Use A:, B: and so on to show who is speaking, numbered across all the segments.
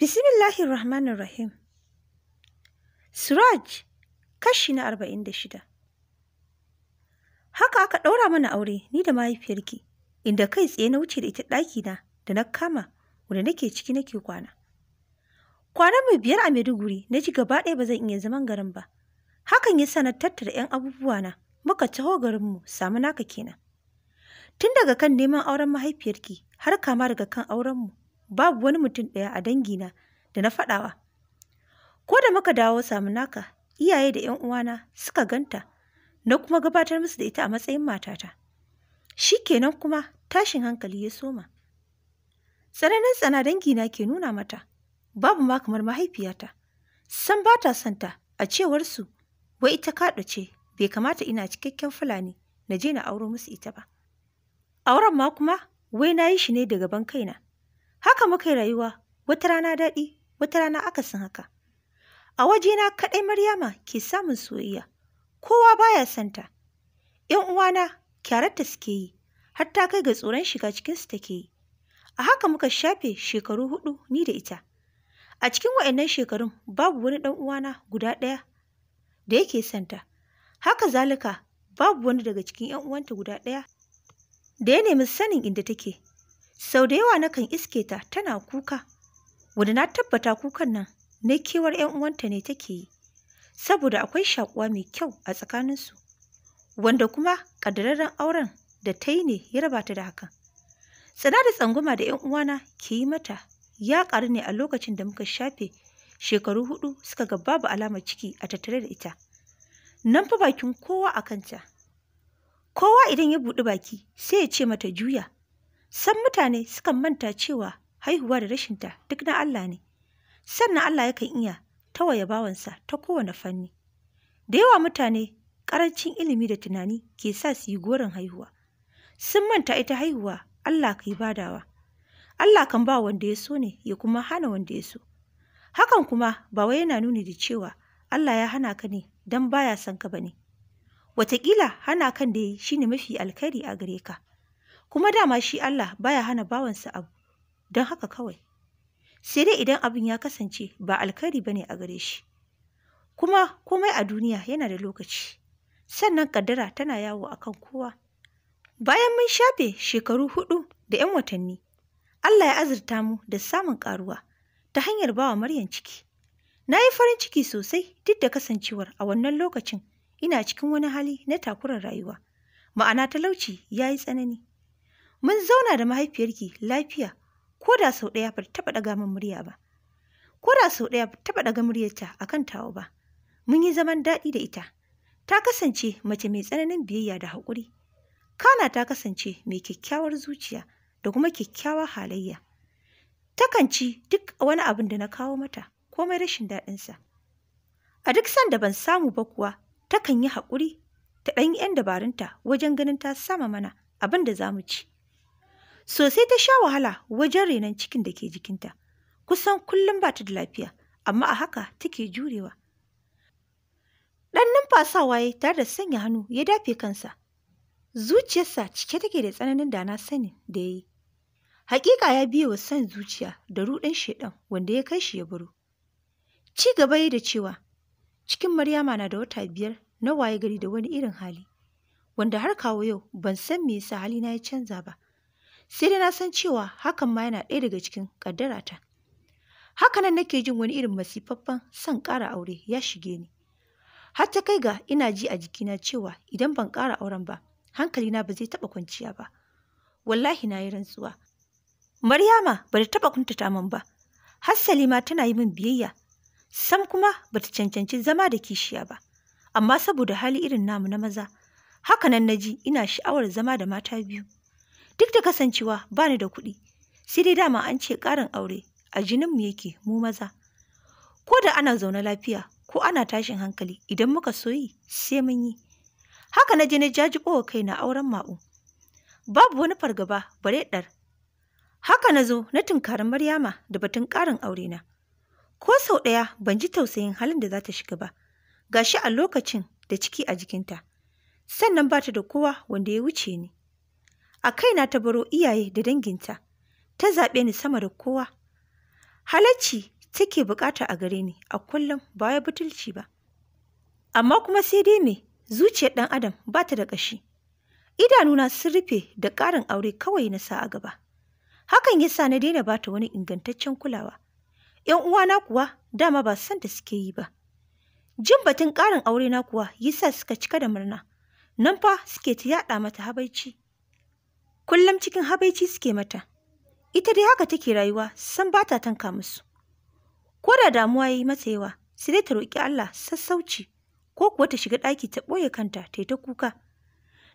A: Bismillahir Rahmanir Rahim. Suraj, kashi na arba'in da shida. Haka aka ɗaura mana aure ni da mahaifiyarki, inda kai tsaye na wuce da ita ɗakina da na kama wanda nake ciki nake kwana. Kwana mai biyar a Maiduguri na ji gaba ɗaya ba zan iya zaman garin ba. Hakan ya sa na tattara 'yan abubuwana muka taho garinmu samu naka kenan. Tun daga kan neman auren mahaifiyarki har kama daga kan aurenmu babu wani mutum ɗaya a dangina da na faɗawa. Ko da muka dawo naka, iyaye da ‘yan uwana suka ganta, na kuma gabatar musu da ita a matsayin matata. Shi kenan kuma tashin hankali ya soma. Tsananin tsana dangina ke nuna mata, babu ma kamar mahaifiyata. San ba ta santa a cewarsu, wai ita kaɗa ce, bai kamata ina cikakken Fulani na je na auro musu ita ba. Auren ma kuma, wai na yi shi ne daga gaban kaina. Haka muka yi rayuwa, wata rana daɗi, wata rana akasin haka. A waje na kaɗai Maryama ke samun soyayya, kowa baya santa. ‘Yan uwana kyararta suke yi, har ta kai ga tsoron shiga cikinsu take yi. A haka muka shafe shekaru hudu ni da ita. A cikin wa'annan shekarun babu wani ɗan uwana guda ɗaya da yake santa. Haka zalika babu wani daga cikin ‘yan uwanta guda ɗaya da ya nemi sanin inda take. Sau da yawa nakan iske ta tana kuka, wanda na tabbata kukan nan na kewar 'yan uwanta ne take yi, saboda akwai shakuwa mai kyau a tsakaninsu, wanda kuma ƙaddararren auren da ta yi ne ya rabata da hakan. Tsana da tsangwama da 'yan uwana ke yi mata ya ƙaru ne a lokacin da muka shafe shekaru hudu suka ga babu alamar ciki a tattare da ita. Nan fa bakin kowa a kanta. Kowa idan ya buɗi baki sai ya ce mata juya, San mutane sukan manta cewa haihuwa da rashinta duk na Allah ne, sannan Allah yakan iya tawaye bawansa ta kowane fanni. Da yawa mutane ƙarancin ilimi da tunani ke sa su yi goron haihuwa. Sun manta ita haihuwa Allah ka yi badawa. Allah kan ba wanda ya so ne ya kuma hana wanda ya so. Hakan kuma ba wai yana nuni da cewa Allah ya hana ka ne don baya son ka ba ne. Wataƙila hana kan da ya yi shi ne mafi alkhairi a gare ka. kuma dama shi Allah baya hana bawansa abu don haka kawai sai dai idan abin ya kasance ba alkhairi bane a gare shi kuma komai a duniya yana da lokaci sannan kaddara tana yawo akan kowa bayan mun shafe shekaru hudu da 'yan watanni Allah ya azurta mu da samun karuwa ta hanyar bawa Maryam ciki na yi farin ciki sosai duk da kasancewar a wannan lokacin ina cikin wani hali na takurar rayuwa ma'ana talauci ya yi tsanani Mun zauna da mahaifiyarki lafiya, ko da sau ɗaya ba ta taɓa ɗaga min murya ba. Ko da sau ɗaya ba ta taɓa ɗaga muryarta a kan tawa ba. Mun yi zaman daɗi da ita. Ta kasance mace mai tsananin biyayya da haƙuri. Kana ta kasance mai kyakkyawar zuciya da kuma kyakkyawar halayya. Takan ci duk wani abin da na kawo mata, komai rashin daɗinsa. A duk sanda ban samu ba kuwa, takan yi haƙuri ta ɗan 'yan dabarunta wajen ganin ta sama mana abin da za mu ci. Sosai ta sha wahala wajen renon cikin da ke jikinta. Kusan kullum ba ta da lafiya, amma a haka take jurewa. Ɗan numfasawa ya tare da sanya hannu ya dafe kansa. Zuciyarsa cike take da tsananin dana na sani da ya yi. Hakika ya biye wa san zuciya da ruɗin shaidan wanda ya kai shi ya buru Ci gaba da cewa, cikin Maryama na da wata biyar na waye gari da wani irin hali, wanda har kawo yau ban san me yasa halina ya canza ba. sai dai na san cewa hakan ma yana ɗaya daga cikin ƙaddarata. nan nake jin wani irin masifaffen son ƙara aure ya shige ni. Har ta kai ga ina ji a jikina cewa idan ban ƙara auren ba, hankali na ba zai taɓa kwanciya ba. Wallahi na yi rantsuwa. Maryama ba ta taɓa kuntata min ba. Hassali ma tana yi min biyayya. Sam kuma ba ta cancanci zama da kishiya ba. Amma saboda hali irin namu na maza, haka nan na ji ina sha'awar zama da mata biyu. duk da kasancewa ba ni da kuɗi sai dai dama an ce ƙarin aure a mu yake mu maza ko da ana zaune lafiya ko ana tashin hankali idan muka soyi sai mun yi haka na je na jajibo kai na auren ma'u babu wani fargaba bare ɗar haka na zo na tunkari maryama da batun ƙarin aure na. ko sau ɗaya ban ji tausayin halin da za ta shiga ba gashi a lokacin da ciki a jikinta sannan ba ta da kowa wanda ya wuce ni a kaina ta baro iyaye da danginta ta zaɓe ni sama da kowa halacci take buƙata a gare ni a kullum ba ya butulci ba amma kuma sai dai me zuciyar ɗan adam ba ta da ƙashi idanuna sun rufe da ƙarin aure kawai na sa a gaba hakan ya sa na daina ba ta wani ingantaccen kulawa ‘yan uwana kuwa dama ba san da suke yi ba jin batun ƙarin aure na kuwa yasa suka cika da murna nan fa suke ta yaɗa mata habaici kullum cikin habaici suke mata. Ita dai haka take rayuwa, san ba ta tanka musu. Ko da damuwa yi mata yawa, sai dai ta roƙi Allah sassauci, ko kuwa ta shiga ɗaki ta ɓoye kanta ta ta kuka.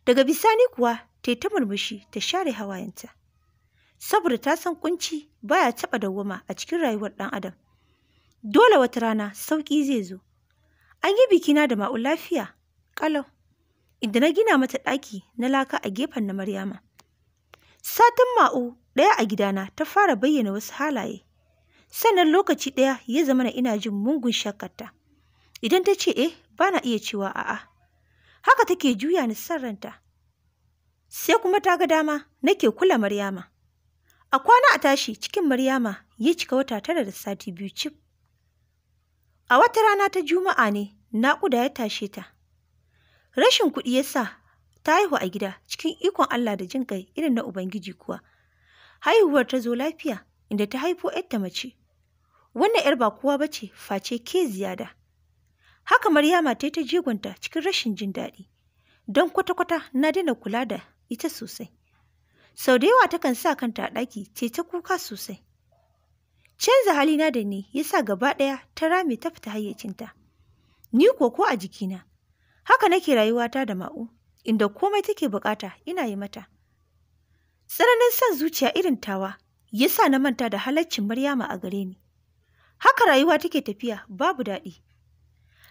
A: Daga bisani kuwa ta ta murmushi ta share hawayenta. Saboda ta san kunci baya taɓa dawwama a cikin rayuwar ɗan adam. Dole wata rana sauƙi zai zo. An yi bikina da ma'u lafiya, ƙalau. Inda na gina mata ɗaki na laka a gefen na Maryama. Satin Ma'u ɗaya a gidana ta fara bayyana wasu halaye, sannan lokaci ɗaya ya zama na ina jin mungun shakkarta. Idan ta ce eh, ba na iya cewa a'a. Haka take juya ni san ranta. Sai kuma ta ga dama nake kula Maryama. A kwana a tashi cikin Maryama ya cika wata tara da sati biyu cif. A wata rana ta Juma'a ne naƙuda ya tashe ta. Rashin kuɗi ya sa Ta haihu a gida cikin ikon Allah da jin kai irin na Ubangiji kuwa. Haihuwar ta zo lafiya inda ta haifo ‘yarta mace. Wannan ‘yar ba kowa ba ce face ke ziyada. Haka Maryama ta yi ta jigonta cikin rashin jin daɗi. Don kwata-kwata na daina kula da ita sosai. Sau da yawa takan sa kanta a ɗaki ce ta kuka sosai. Canza halina da ni ya sa gaba ɗaya ta rame ta fita hayyacinta. Ni ko ko a jikina. Haka nake rayuwata da ma'u inda komai take bukata ina yi mata. Tsananin son zuciya irin tawa ya sa na manta da halaccin Maryama a gare ni. Haka rayuwa take tafiya babu daɗi.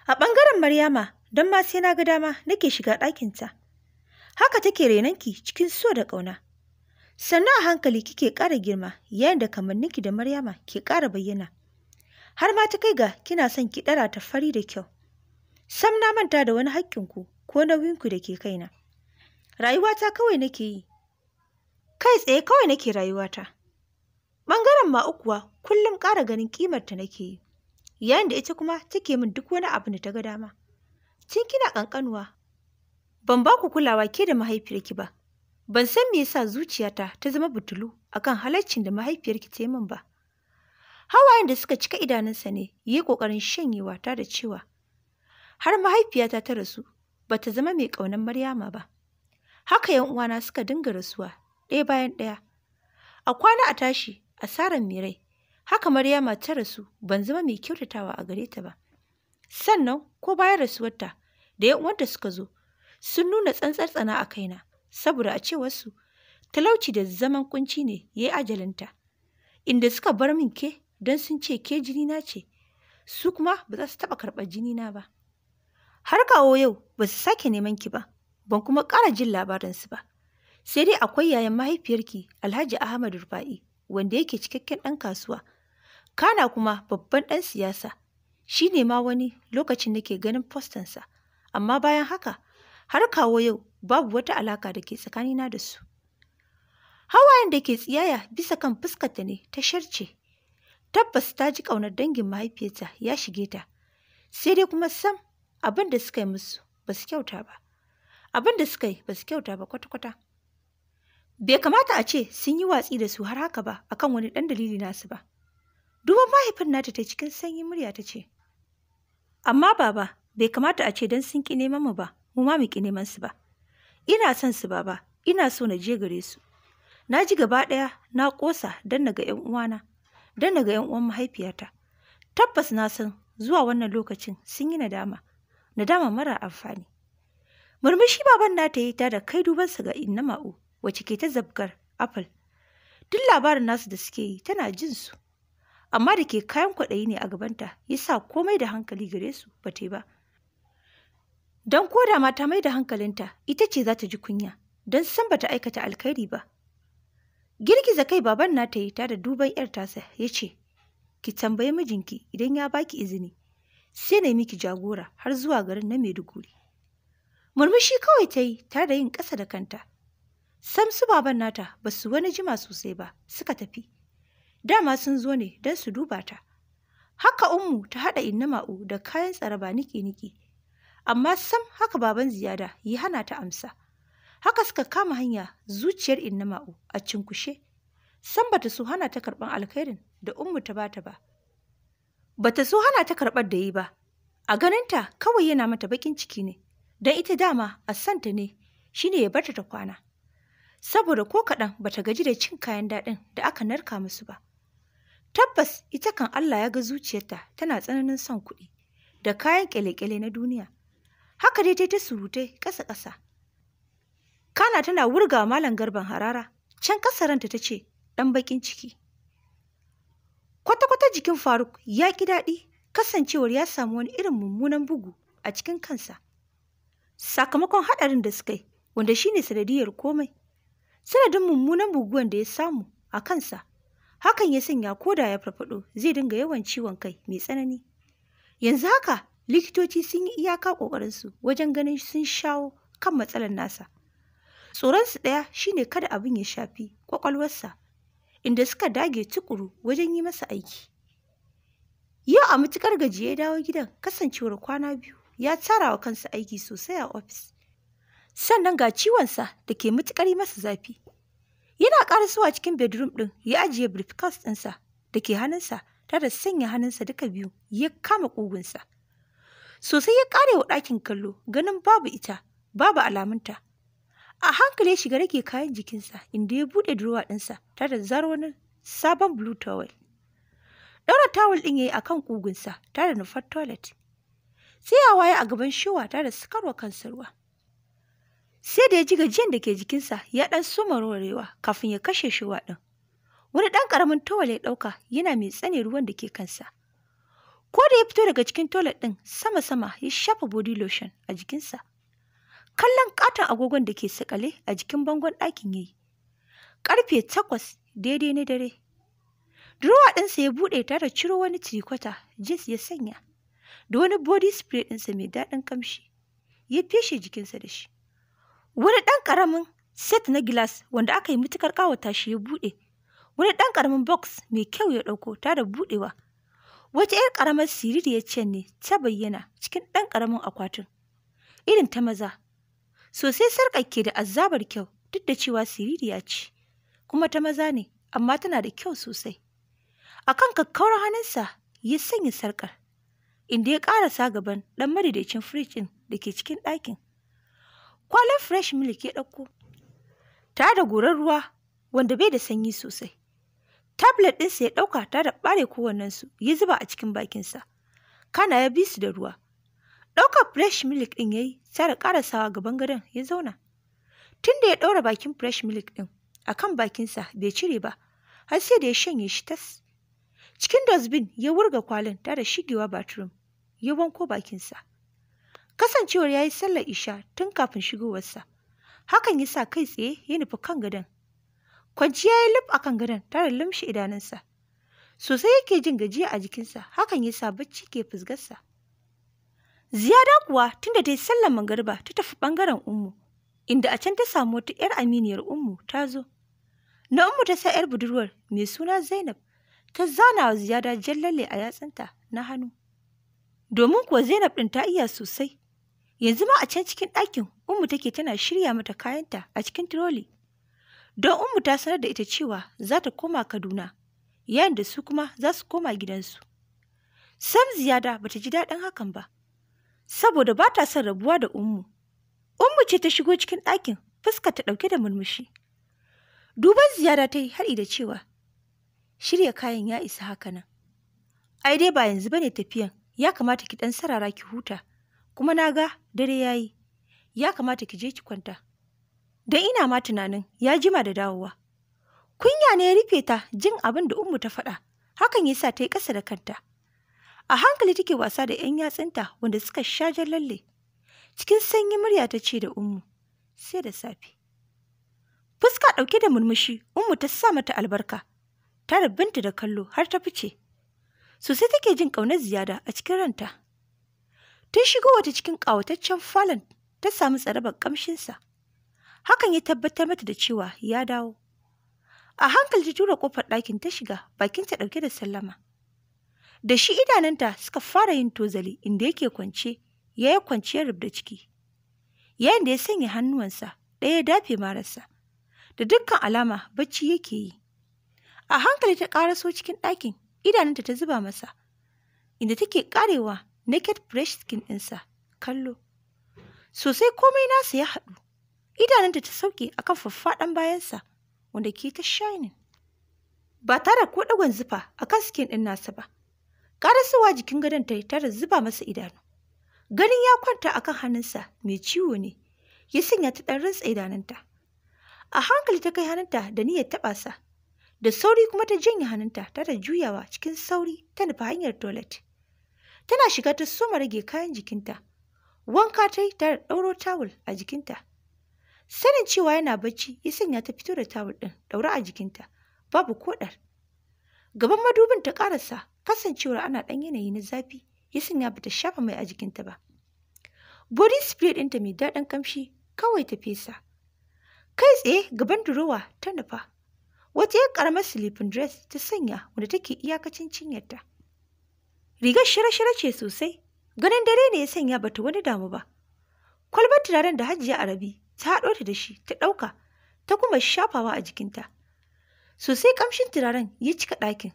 A: A ɓangaren Maryama don ma sai na ga dama nake shiga ɗakinta. Haka take renanki cikin so da ƙauna. Sannan a hankali kike ƙara girma yayin da kamanninki da Maryama ke ƙara bayyana. Har ma ta kai ga kina son ki ɗara ta fari da kyau. Sam na manta da wani hakkinku ko nauyinku da ke kaina. Rayuwata kawai nake yi, kai tsaye kawai nake rayuwata. Ɓangaren ma ukuwa kullum ƙara ganin ƙimarta nake yi, yayin da ita kuma take min duk wani abu da ta ga dama. Tun kina ƙanƙanuwa, ban ba ku kulawa ke da mahaifiyarki ba, ban san me yasa zuciyata ta zama butulu akan halaccin da mahaifiyarki ta yi min ba. Hawayen da suka cika idanunsa ne ya yi ƙoƙarin shanyewa ta da cewa, har mahaifiyata ta rasu ba ta zama mai ƙaunar Maryama ba. Haka ‘yan uwana suka dinga rasuwa ɗaya bayan ɗaya. A kwana a tashi a asaran mirai haka Maryama ta rasu ban zama mai kyautatawa a gare ta ba. Sannan ko bayan rasuwarta da ‘yan uwanta suka zo sun nuna tsantsar tsana a kaina saboda a cewarsu talauci da zaman kunci ne ya yi ajalinta inda suka bar min ke don sun ce ke jini na ce su kuma ba za su taɓa karɓar jini na ba. Har kawo yau ba su sake neman ki ba, ban kuma ƙara jin labarinsu ba. Sai dai akwai yayan mahaifiyarki Alhaji Ahmad Rufa'i wanda yake cikakken ɗan kasuwa. Kana kuma babban ɗan siyasa. Shi ne ma wani lokacin nake ganin fostansa. Amma bayan haka, har kawo yau babu wata alaka da ke tsakanina da su. Hawayen da ke tsiyaya bisa kan fuskarta ne ta sharce. Tabbas ta ji ƙaunar dangin mahaifiyarta ya shige ta. Sai dai kuma sam abin da suka yi musu ba su kyauta ba abin da suka yi ba su kyauta ba kwata-kwata bai kamata a ce sun yi watsi da su har haka ba akan wani ɗan dalili nasu ba duban mahaifin nata ta cikin sanyin murya ta ce amma baba bai kamata a ce don sun ƙi neman mu ba mu ma mu ƙi neman su ba ina son su baba ina so na je gare su na ji gaba ɗaya na ƙosa don na ga 'yan uwana don na ga 'yan uwan mahaifiyata tabbas na san zuwa wannan lokacin sun yi nadama Na dama mara amfani. Murmushi baban nata yi ta da kai dubansa ga inna ma'u wacce ke ta zabgar apple. Duk labarin nasu da suke yi tana jin su. Amma da ke kayan kwaɗayi ne a gabanta ya sa komai da hankali gare su ba ta yi ba. Don ko da mata mai da hankalinta ita ce za ta ji kunya don san ba ta aikata alkhairi ba. Girgiza kai baban nata yi ta da duban 'yar tasa ya ce, Ki tambayi mijinki idan ya baki izini. sai na yi miki jagora har zuwa garin na Maiduguri. Murmushi kawai ta yi tare da yin ƙasa da kanta. Sam su baban nata ba su wani jima sosai ba suka tafi. Dama sun zo ne don su duba ta. Haka Ummu ta haɗa inna innama'u da kayan tsaraba niki-niki. Amma sam haka baban ziyada yi hana ta amsa. Haka suka kama hanya zuciyar inna innama'u a cinkushe. Sam bata su hana ta karɓan alkhairin da Ummu ta bata ba. bata so hana ta karɓar da yi ba a ganinta kawai yana mata bakin ciki ne don ita dama a santa ne shine ya barta ta kwana saboda ko kaɗan bata gaji da cin kayan daɗin da aka narka musu ba tabbas ita kan Allah ya ga zuciyarta tana tsananin son kuɗi da kayan ƙyale-ƙyale na duniya haka dai ta surutai ƙasa-ƙasa kana tana wurga malam garban harara can ƙasa ranta ta ce ɗan baƙin ciki Kwata-kwata jikin Faruk ya ki daɗi kasancewar ya samu wani irin mummunan bugu a cikin kansa. Sakamakon haɗarin da suka yi, wanda shine ne sanadiyar komai. Sanadin mummunan buguwan da ya samu a kansa, hakan ya sanya koda ya farfaɗo zai dinga yawan ciwon kai mai tsanani. Yanzu haka likitoci sun yi iyaka ƙoƙarinsu wajen ganin sun shawo kan matsalar nasa. Tsoronsu ɗaya shine kada abin ya shafi ƙwaƙwalwarsa inda suka dage tukuru wajen yi masa aiki. Yau a matukar gaji ya dawo gidan kasancewar kwana biyu ya tara wa kansa aiki sosai a ofis. Sannan ga ciwonsa da ke matukar yi masa zafi. Yana ƙarasuwa cikin bedroom ɗin ya ajiye briefcase ɗinsa da ke hannunsa tare da sanya hannunsa duka biyu ya kama kugunsa. Sosai ya ƙare wa ɗakin kallo ganin babu ita, babu alamunta. a hankali ya shiga rage kayan jikinsa inda ya bude durowa ɗinsa tare da sabon blue towel ɗaura tawul ɗin ya yi a kan ƙugunsa tare da nufar toilet Sai ya a gaban shiwa tare da sukarwa kansa ruwa sai da ya ji gajiyan da ke jikinsa ya ɗan suma rorewa kafin ya kashe shiwa ɗin wani ɗan ƙaramin towel ya ɗauka yana mai tsane ruwan da ke kansa ko da ya fito daga cikin toilet ɗin sama-sama ya shafa body lotion a jikinsa kallon katon agogon da ke sakale a jikin bangon ɗakin ya yi ƙarfe takwas daidai na dare durowa ɗinsa ya buɗe tare ciro wani tirikota jins ya sanya da wani body spray ɗinsa mai daɗin kamshi ya feshe jikinsa da shi wani ɗan ƙaramin set na gilas wanda aka yi matukar ƙawata shi ya buɗe wani ɗan ƙaramin box mai kyau ya ɗauko tare buɗewa wata 'yar ƙaramar siririyar ce ne ta bayyana cikin ɗan ƙaramin akwatin irin ta maza Sosai sarƙar ke da azabar kyau duk da cewa siririya ce, kuma ta maza ne, amma tana da kyau sosai. A kan kakkaurar hannunsa ya sanya sarƙar, inda ya ƙarasa gaban ɗan madaidaicin firij ɗin da ke cikin ɗakin. Kwalin fresh milk ya ɗauko, Ta da gorar ruwa wanda bai da sanyi sosai. Tablet ɗinsa ya ɗauka ta da ɓare kowannensu ya zuba a cikin bakinsa. Kana ya bi su da ruwa. Ɗaukar fresh milk ɗin ya yi, da ƙarasawa gaban gadon ya zauna. Tun da ya ɗaura bakin fresh milk ɗin a kan bakinsa bai cire ba, har sai da ya shanye shi tas. Cikin dosbin ya wurga kwalin ta da shigewa bathroom, ya wanko bakinsa. Kasancewar ya yi sallar isha tun kafin shigowarsa, hakan ya sa kai tsaye ya nufi kan gadon. Kwanciya ya lif a kan gadon tare lumshe idanunsa. Sosai yake jin gajiya a jikinsa, hakan ya sa bacci ke fusgarsa. Ziyara kuwa tunda ta yi sallar magariba ta tafi ɓangaren Ummu, inda a can ta samu wata 'yar aminiyar Ummu ta zo. Na Ummu ta sa 'yar budurwar mai suna Zainab ta zana wa Ziyara jallalle a yatsanta na hannu. Domin kuwa Zainab ɗin ta iya sosai. Yanzu ma a can cikin ɗakin Ummu take tana shirya mata kayanta a cikin tiroli. Don Ummu ta sanar da ita cewa za ta koma Kaduna, yayin da su kuma za su koma gidansu. Sam Ziyada bata ji daɗin hakan ba. saboda ba ta son rabuwa da Ummu. Ummu ce ta shigo cikin ɗakin, fuska ta ɗauke da murmushi. Duban ziyara ta yi haɗi da cewa, shirya kayan ya isa haka nan. Ai dai ba yanzu bane tafiyan, ya kamata ki ɗan sarara ki huta, kuma na ga dare ya yi, ya kamata ki je ki kwanta. Dan ina ma tunanin ya jima da dawowa. Kunya ne ya rufe ta jin abin da Ummu ta faɗa, hakan ya sa ta yi ƙasa da kanta. A hankali take wasa da ‘yan yatsunta wanda suka sha jan lalle. Cikin sanyi murya ta ce da Ummu, sai da safe. Fuska ɗauke da murmushi, Ummu ta sa mata albarka. Ta rabinta da kallo har ta fice. Sosai take jin ƙaunar ziyada a cikin ranta. Tun shigo wata cikin ƙawataccen falon ta samu tsarabar ƙamshinsa. Hakan ya tabbatar mata da cewa ya dawo. A hankali ta tura ƙofar ɗakin ta shiga, bakinta ɗauke da sallama. da shi idanunta suka fara yin tozali inda yake kwance ya yi kwanciyar rubda ciki yayin da ya sanya hannuwansa ɗaya ya dafe marasa, da dukkan alama bacci yake yi a hankali ta so cikin ɗakin idanunta ta zuba masa inda take karewa naked fresh skin ɗinsa kallo sosai komai nasa ya haɗu idanunta ta sauke akan faffaɗan bayansa wanda ke ta shining ba tare ko ɗagon zufa akan skin ɗin nasa ba Karasuwa jikin gadon ta tara zuba masa idanu. Ganin ya kwanta akan hannunsa mai ciwo ne, ya sanya ta ɗan rantsa idanunta. A hankali ta kai hannunta da niyyar taɓa sa, da sauri kuma ta janye hannunta tana juyawa cikin sauri ta nufi hanyar toilet. Tana shiga ta soma rage kayan jikinta, wanka ta yi tare ɗauro tawul a jikinta. Sanin cewa yana bacci ya sanya ta fito da tawul ɗin ɗaure a jikinta, babu koɗar. Gaban madubin ta ƙarasa kasancewar ana ɗan yanayi na zafi ya sanya bata shafa mai a jikinta ba. Body spray ɗinta mai daɗin kamshi kawai ta fesa. Kai tsaye gaban durowa ta nufa. Wata ‘yar ƙaramar sleeping dress ta sanya wanda take iyakacin ta. Rigar shara-shara ce sosai, ganin dare ne ya sanya bata wani damu ba. Kwalbar turaren da Hajiya Rabi ta haɗo ta da shi ta ɗauka ta kuma shafawa a jikinta. Sosai ƙamshin turaren ya cika ɗakin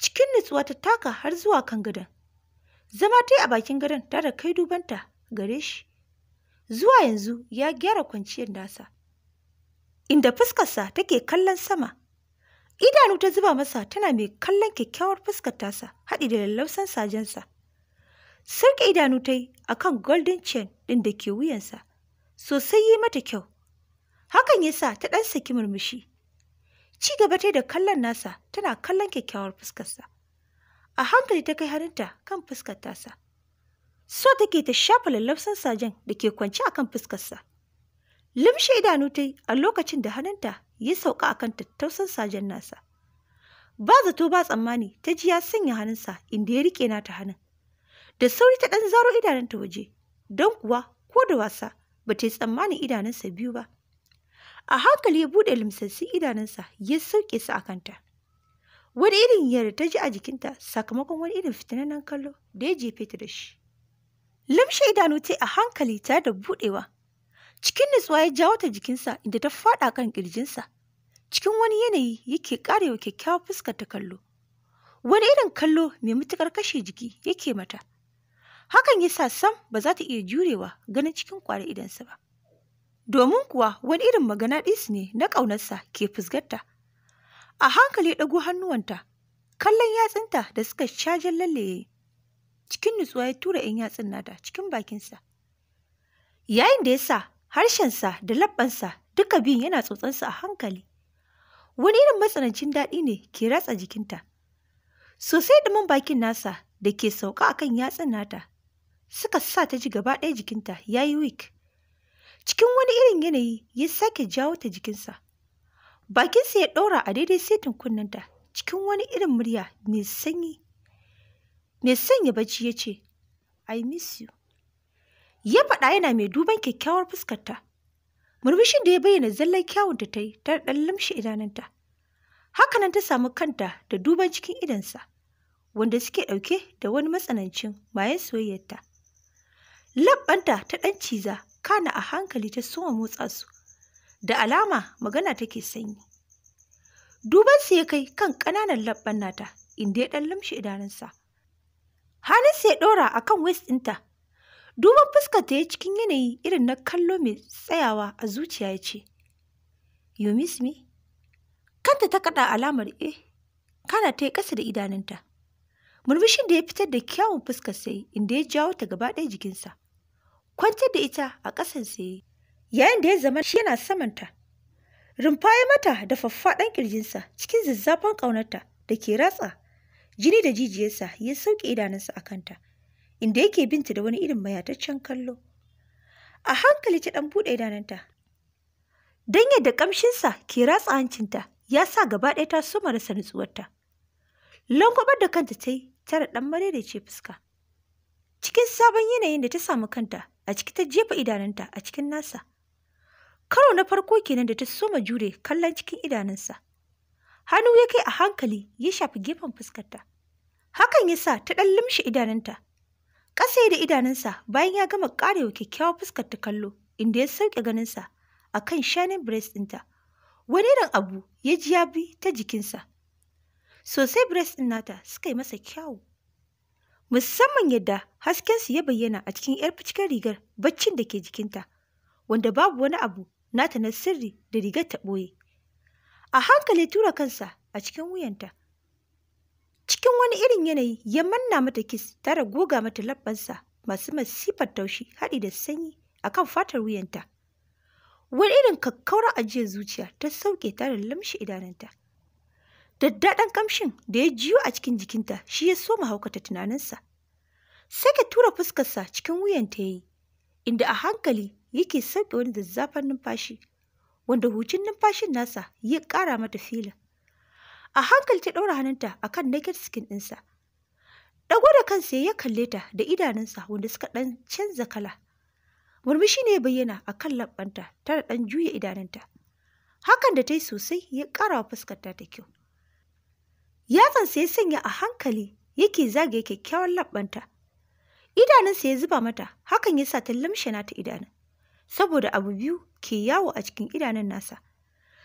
A: Cikin nutsuwa ta taka har zuwa kan gadon. Zama ta a bakin gadon da kai dubanta gare shi. Zuwa yanzu ya gyara kwanciyar nasa. Inda fuskarsa take kallon sama. Idanu ta zuba masa tana mai kallon kyakkyawar fuskar tasa haɗi da lallausan sajensa. Sarki idanu ta yi a kan golden chain ɗin da ke wuyansa. Sosai yi mata kyau. Hakan ya sa ta ɗan saki murmushi. Ci gaba ta da kallon nasa tana kallon kyakkyawar fuskarsa. A hankali ta kai hannunta kan fuskar tasa. So take ta shafa lallafsan sajen da ke kwance akan fuskarsa. Limshe idanu ta yi a lokacin da hannunta ya sauka akan tattausan sajen nasa. Ba zato ba tsammani ta ji ya sanya hannunsa inda ya rike nata hannun. Da sauri ta ɗan zaro idanunta waje, don kuwa ko da wasa ba ta yi tsammanin idanunsa biyu ba. A hankali ya buɗe limsassi idanunsa ya sauke su a kanta. Wani irin yarda ta ji a jikinta sakamakon wani irin fitinannen kallo da ya jefe ta da shi. Limshe idanu ta a hankali ta da buɗewa. Cikin nutsuwa ya jawo ta jikinsa inda ta faɗa kan ƙirjinsa. Cikin wani yanayi yake ƙarewa kyakkyawar fuskar ta kallo. Wani irin kallo mai matuƙar kashe jiki yake mata. Hakan ya sa Sam ba za ta iya jurewa ganin cikin kwara idansa ba. domin kuwa wani irin magana ɗis ne na ƙaunarsa ke fusgarta. A hankali ɗago hannuwanta, kallon yatsunta da suka cajen lallaye. Cikin nutsuwa ya tura ‘yan yatsun nata cikin bakinsa. Yayin da ya sa harshensa da labbansa duka biyun yana tsotsansa a hankali. Wani irin matsanancin daɗi ne ke ratsa jikinta. Sosai da man bakin nasa da ke sauka akan yatsun nata suka sa ta ji gaba ɗaya jikinta ya yi wik. cikin wani irin yanayi ya sake jawo ta jikinsa bakinsa ya ɗora a daidai setin kunnenta cikin wani irin murya mai sanyi mai sanya bacci ya ce i miss you ya faɗa yana mai duban kyakkyawar fuskarta murmushin da ya bayyana zallar kyawun da ta yi ta ɗan lamshe idanunta hakanan ta samu kanta da duban cikin idansa wanda suke ɗauke da wani matsanancin mayan soyayyarta labbanta ta ɗan ciza kana a hankali ta soma motsa su da alama magana take sanyi duban ya kai kan ƙananan labban nata inda ya ɗan lumshi idanunsa hannunsa ya ɗora a kan waist ɗinta duban fuskar ta ya cikin yanayi irin na kallo mai tsayawa a zuciya ya ce you miss me kanta ta kaɗa alamar e kana ta yi ƙasa da idanunta murmushin da ya fitar da kyawun fuskar sai inda ya jawo ta gaba ɗaya jikinsa kwantar da ita a ƙasan tsaye yayin da ya zama shi yana samanta rumfa ya mata da faffaɗan ƙirjinsa cikin zazzafan ƙaunarta da ke ratsa jini da jijiyarsa ya sauke idanunsa a kanta inda yake binta da wani irin mayataccen kallo a hankali ta ɗan buɗe idanunta don yadda ƙamshinsa ke ratsa hancinta ya sa gaba ɗaya ta so marasa nutsuwarta lankwabar da kanta ta yi tara ɗan ce fuska cikin sabon yanayin da ta samu kanta a ciki ta jefa idanunta a cikin nasa. Karo na farko kenan da ta soma jure kallon cikin idanunsa. Hannu ya kai a hankali ya shafi gefen fuskarta. Hakan ya sa ta ɗan limshi idanunta. Ƙasa da idanunsa bayan ya gama ƙarewa kyakkyawar fuskar ta kallo inda ya sauke ganinsa a kan shanin breast ɗinta. Wani irin abu ya ji ya bi ta jikinsa. Sosai breast ɗin nata suka yi masa kyawu. musamman yadda haskensu ya bayyana a cikin 'yar fuskar rigar baccin da ke jikinta, wanda babu wani abu nata na sirri da rigar ta ɓoye. A hankali tura kansa a cikin wuyanta. Cikin wani irin yanayi ya manna mata kis tare goga mata labbansa masu masifar taushi haɗi da sanyi a kan fatar wuyanta. Wani irin kakkaurar ajiyar zuciya ta sauke tare lamshi idanunta. Daddaɗan kamshin da ya jiyo a cikin jikinta shi ya soma haukata tunaninsa. sake tura fuskarsa cikin wuyan ta yi, inda a hankali yake sauke wani zazzafan numfashi, wanda hucin numfashin nasa ya ƙara mata filin. A hankali ta ɗaura hannunta a kan naked skin ɗinsa. Ɗago da kansa ya kalle ta da idanunsa wanda suka ɗan canza kala. Murmushi ne ya bayyana a kan labbanta tana ɗan juya idanunta. Hakan da ta yi sosai ya ƙara wa fuskarta ta kyau. Yatsansa ya sanya a hankali yake zage kyakkyawan labbanta. Idanunsa ya zuba mata, hakan ya sa ta lamshe nata idanun. Saboda abu biyu ke yawo a cikin idanun nasa.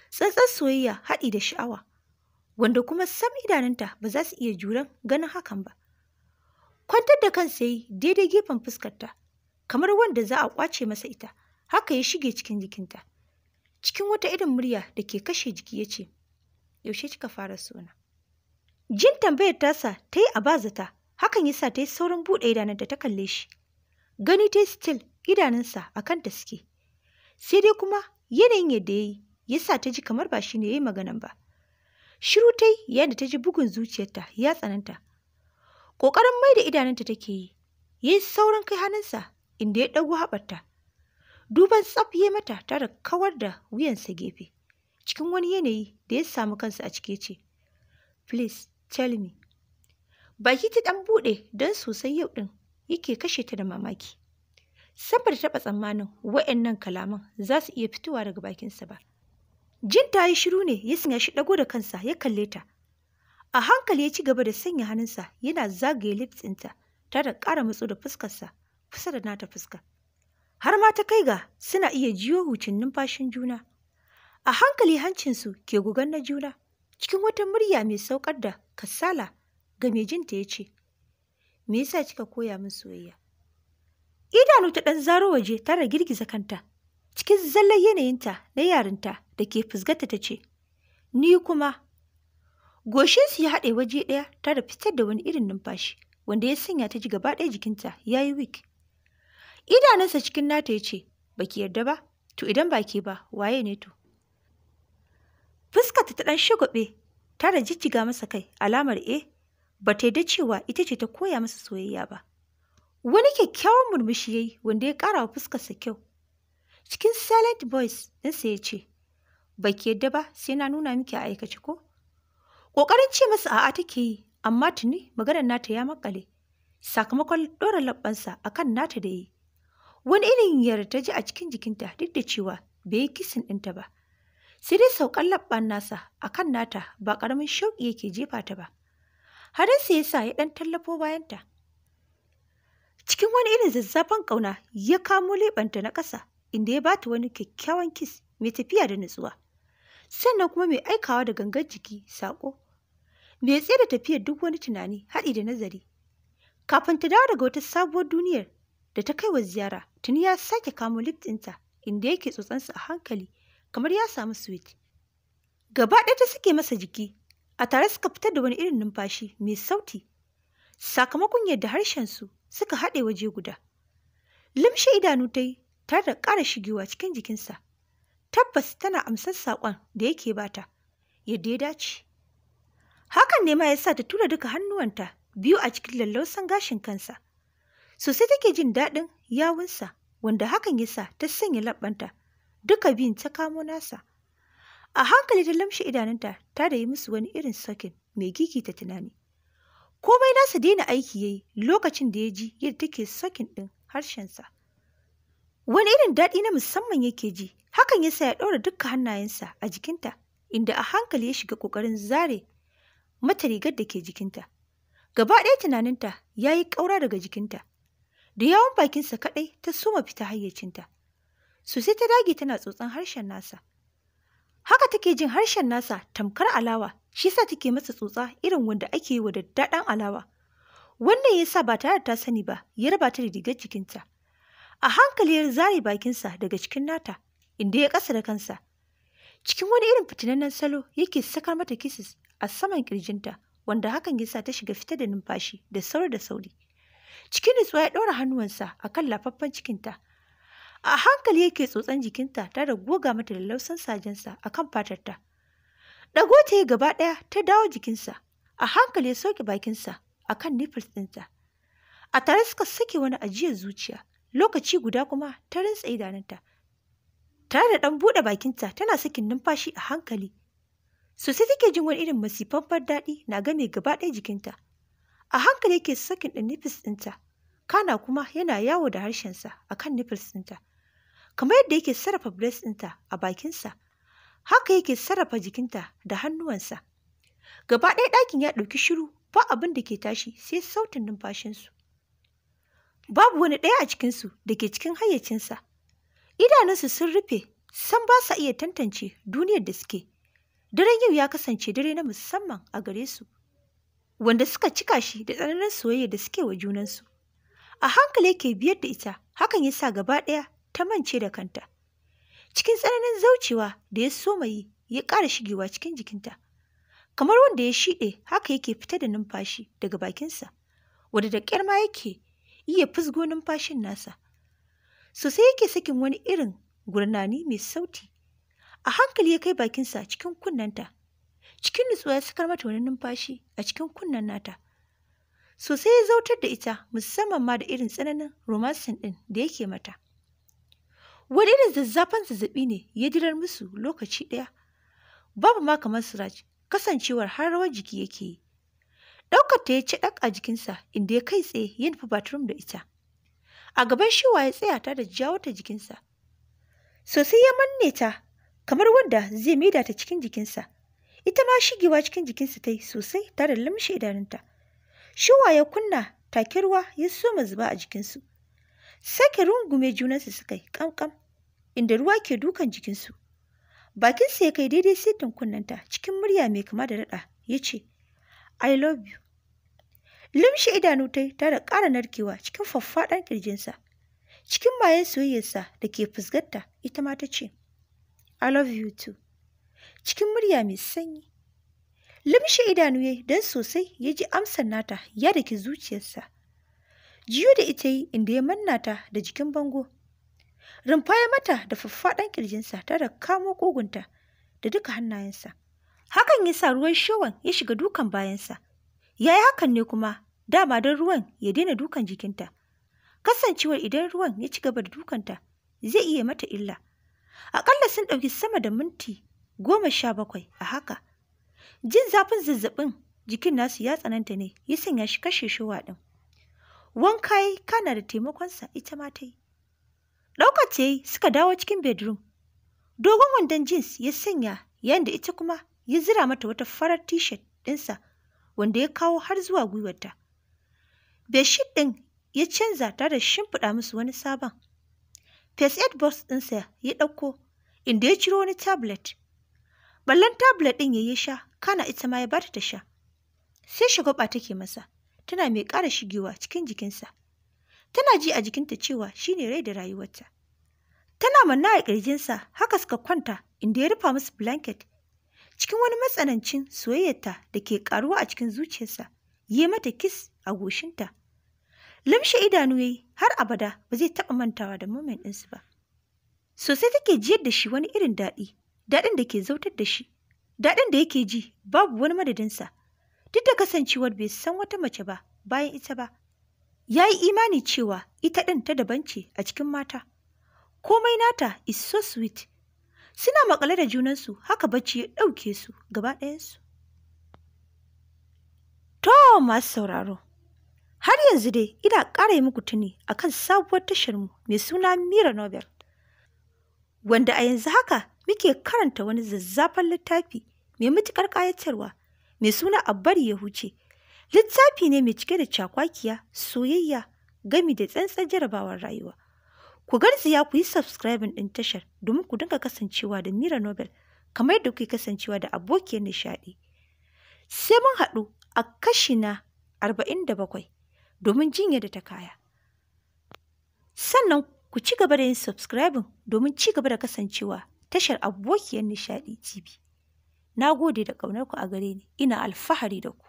A: Tsantsar soyayya haɗi da sha'awa, wanda kuma sam idanunta ba za su iya juran ganin hakan ba. Kwantar da kansa yi daidai gefen fuskarta, kamar wanda za a kwace masa ita, haka ya shige cikin jikinta. Cikin wata irin murya da ke kashe jiki ya ce, Yaushe kika fara sona? Jin tambayar tasa ta yi a zata, hakan ya sa ta yi saurin buɗe idanun da ta kalle shi. Gani ta yi still idanunsa a kan ta suke. Sai dai kuma yanayin yadda ya yi ya sa ta ji kamar ba shi ne ya yi maganan ba. Shiru ta yi yadda ta ji bugun zuciyarta ya tsananta. Ƙoƙarin mai da idanunta take yi, ya yi saurin kai hannunsa inda ya ɗago haɓarta. Duban tsaf ya mata tare kawar da wuyansa gefe. Cikin wani yanayi da ya samu kansa a cike ce, Please, Tell me. Baki ta ɗan buɗe don sosai yau ɗin yake kashe ta da mamaki. Saboda taɓa tsammanin wa'annan kalaman za su iya fitowa daga bakinsa ba. Jin ta yi shiru ne ya sanya shi ɗago da kansa ya kalle ta. A hankali ya ci gaba da sanya hannunsa yana zagaye lipsinta ɗinta da ƙara matso da fuskarsa kusa da nata fuska. Har ma ta kai ga suna iya jiyo hucin numfashin juna. A hankali hancinsu ke gugan na juna. cikin wata murya mai saukar da kasala ga mai ya ce, Me yasa kika koya min soyayya? Idanu ta ɗan zaro waje tana girgiza kanta, cikin zallar yanayinta na yarinta da ke fusgata ta ce, Ni kuma, goshinsu ya haɗe waje ɗaya tare fitar da wani irin numfashi, wanda ya sanya ta ji gaba ɗaya jikinta ya yi wik. Idanunsa cikin nata ya ce, Baki yarda ba, to idan ba ke ba, waye ne to? fuskarta ta ɗan shagwaɓe ta da jijjiga masa kai alamar e ba ta da cewa ita ce ta koya masa soyayya ba wani kyakkyawan murmushi ya wanda ya ƙara wa fuskarsa kyau cikin silent voice insa ya ce ba ki yadda ba sai na nuna miki a aikace ko ƙoƙarin ce masa a'a take yi amma tuni maganar nata ya makale sakamakon ɗora labbansa a nata da yi wani irin yarda ji a cikin jikinta duk da cewa bai yi kisin ɗinta ba sai dai saukan labban nasa a kan nata ba ƙaramin shauƙi yake jefa ta ba harinsa ya sa ya ɗan tallafo bayanta cikin wani irin zazzafan ƙauna ya kamo leɓanta na ƙasa inda ya bata wani kyakkyawan kis mai tafiya da nutsuwa sannan kuma mai aikawa da gangar jiki saƙo mai tsaye da tafiyar duk wani tunani haɗi da nazari kafin ta dawo daga wata sabuwar duniyar da ta kai wa ziyara tuni ya sake kamo lift ɗinta inda yake tsotsansa a hankali kamar ya samu sweet. Gaba ɗaya ta suke masa jiki, a tare suka fitar da wani irin numfashi mai sauti. Sakamakon yadda su suka haɗe waje guda. Limshe idanu ta yi tare da ƙara shigewa cikin jikinsa. Tabbas tana amsar saƙon da yake bata, yadda ya dace. Hakan ne ma ya sa ta tura duka hannuwanta biyu a cikin lallausan gashin kansa. Sosai take jin daɗin yawunsa, wanda hakan ya sa ta sanya labbanta. duka biyun ta kamo nasa. A hankali ta lamshe idanunta ta da yi musu wani irin sakin mai ta tunani. Komai nasa daina aiki ya yi lokacin da ya ji yadda take sakin ɗin harshensa. Wani irin daɗi na musamman yake ji, hakan ya sa ya ɗaura duka hannayensa a jikinta, inda a hankali ya shiga ƙoƙarin zare mata rigar da ke jikinta. Gaba ɗaya tunaninta ya yi ƙaura daga jikinta, da yawon bakinsa kaɗai ta soma fita hayyacinta. sosai ta dage tana tsotson harshen nasa. Haka take jin harshen nasa tamkar alawa, shi sa take masa tsotsa irin wanda ake yi wa daddaɗan alawa. Wannan ya sa ba tare ta sani ba, ya raba ta da rigar jikinta. A hankali ya zare bakinsa daga cikin nata, inda ya kasa da kansa. Cikin wani irin fitinannen salo yake sakar mata kisis a saman ƙirjinta, wanda hakan ya sa ta shiga fita da numfashi da sauri da sauri. Cikin nutsuwa ya ɗora hannuwansa a kan lafaffen cikinta, A hankali yake tsotsan jikinta tare da goga mata lallausan sajensa a kan fatarta. Dago ta yi gaba ɗaya ta dawo jikinsa, a hankali ya sauke bakinsa a kan nipples ɗinta. A tare suka sake wani ajiyar zuciya, lokaci guda kuma ta rintsa idanunta. Tare da ɗan buɗe bakinta tana sakin numfashi a hankali. Sosai take jin wani irin masifan daɗi na game gaba ɗaya jikinta. A hankali yake sakin ɗin nipples ɗinta, kana kuma yana yawo da harshensa a kan nipples ɗinta. kamar yadda yake sarrafa breast ɗinta a bakinsa haka yake sarrafa jikinta da hannuwansa gaba ɗaya ɗakin ya ɗauki shiru ba abin da ke tashi sai sautin numfashinsu babu wani ɗaya a cikinsu da ke cikin hayyacinsa idanunsu sun rufe san ba sa iya tantance duniyar da suke daren yau ya kasance dare na musamman a gare su wanda suka cika shi da tsananin soyayya da suke wa junansu a hankali yake biyar da ita hakan ya sa gaba ɗaya ta mance da kanta. Cikin tsananin zaucewa da ya soma yi ya ƙara shigewa cikin jikinta. Kamar wanda ya shiɗe haka yake fita da numfashi daga bakinsa, wadda da ƙyar ma yake iya fusgo numfashin nasa. Sosai yake sakin wani irin gurnani mai sauti. A hankali ya kai bakinsa cikin kunnanta. Cikin nutsuwa ya sakar mata wani numfashi a cikin kunnen nata. Sosai ya zautar da ita musamman ma da irin tsananin romansin ɗin da yake mata. wani irin zazzafan zazzaɓi ne ya dirar musu lokaci ɗaya babu ma kamar siraj kasancewar har rawar jiki yake yi ɗaukar ta ya ci ɗak a jikinsa inda ya kai tsaye ya nufi bathroom da ita a gaban shiwa ya tsaya ta da jawo ta jikinsa sosai ya manne ta kamar wanda zai maida ta cikin jikinsa ita ma shigewa cikin jikinsa ta yi sosai ta da lamshe idanunta shiwa ya kunna takirwa ruwa ya soma zuba a jikinsu Sake rungume junansu suka yi ƙamƙam, inda ruwa ke dukan jikinsu. Bakinsa ya kai daidai saitin kunnanta cikin murya mai kama da daɗa ya ce, I love you. Limshi idanu ta tare ƙara narkewa cikin faffaɗan ƙirjinsa. Cikin mayan soyayyarsa da ke fusgarta ita ma ta ce, I love you too. Cikin murya mai sanyi. Limshi idanu ya dan sosai ya ji amsar nata ya dake zuciyarsa. jiyo da ita yi inda ya manna ta da jikin bango rumfa ya mata da faffaɗan ƙirjinsa ta da kamo ƙugunta da duka hannayensa hakan ya sa ruwan showan ya shiga dukan bayansa ya yi hakan ne kuma dama don ruwan ya daina dukan jikinta kasancewar idan ruwan ya ci gaba da dukanta zai iya mata illa aƙalla sun ɗauki sama da minti goma sha bakwai a haka jin zafin zazzaɓin jikin nasu ya tsananta ne ya sanya shi kashe showa ɗin Wanka yi kana da taimakonsa ita ma ta yi. Ɗaukar ta suka dawo cikin bedroom. Dogon wandon jeans ya sanya yayin ita kuma ya zira mata wata farar t-shirt ɗinsa wanda ya kawo har zuwa gwiwarta. Beshit ɗin ya canza tare da shimfiɗa musu wani sabon. Face aid box ɗinsa ya ɗauko inda ya ciro wani tablet. Ballon tablet ɗin ya yi sha kana ita ma ya bata ta sha. Sai shagwaba take masa. tana mai ƙara shigewa cikin jikinsa. Tana ji a jikinta cewa shi ne rai da rayuwarta. Tana manna a ƙirjinsa haka suka kwanta inda ya rufa musu blanket. Cikin wani matsanancin soyayyarta da ke ƙaruwa a cikin zuciyarsa, yi mata kis a goshinta. Limshe idanu ya har abada ba zai taɓa mantawa da moment ɗinsu ba. Sosai take jiyar da shi wani irin daɗi, daɗin da ke zautar da shi, daɗin da yake ji babu wani madadinsa. duk da kasancewar bai san wata mace ba bayan ita ba. Ya yi imani cewa ita ɗin ta daban ce a cikin mata. Komai nata is so sweet. Suna makale da junansu haka bacci ya ɗauke su gaba ɗayansu. To masu sauraro, har yanzu dai ina ƙara yi muku tuni a kan sabuwar tasharmu mai suna Mira Nobel, wanda a yanzu haka muke karanta wani zazzafan littafi mai matuƙar ƙayatarwa mai suna abbar ya huce littafi ne mai cike da cakwakiya soyayya gami da tsantsar jarabawar rayuwa ku garziya ku yi subscribing ɗin tashar domin ku dinga kasancewa da mira nobel kamar yadda kuke kasancewa da abokiyar nishaɗi sai mun haɗu a kashi na 47 domin jinya da ta kaya sannan ku ci gaba da yin subscribing domin ci gaba da kasancewa tashar abokiyar nishaɗi cibi Na gode da ƙaunarku a gare ni, ina alfahari da ku.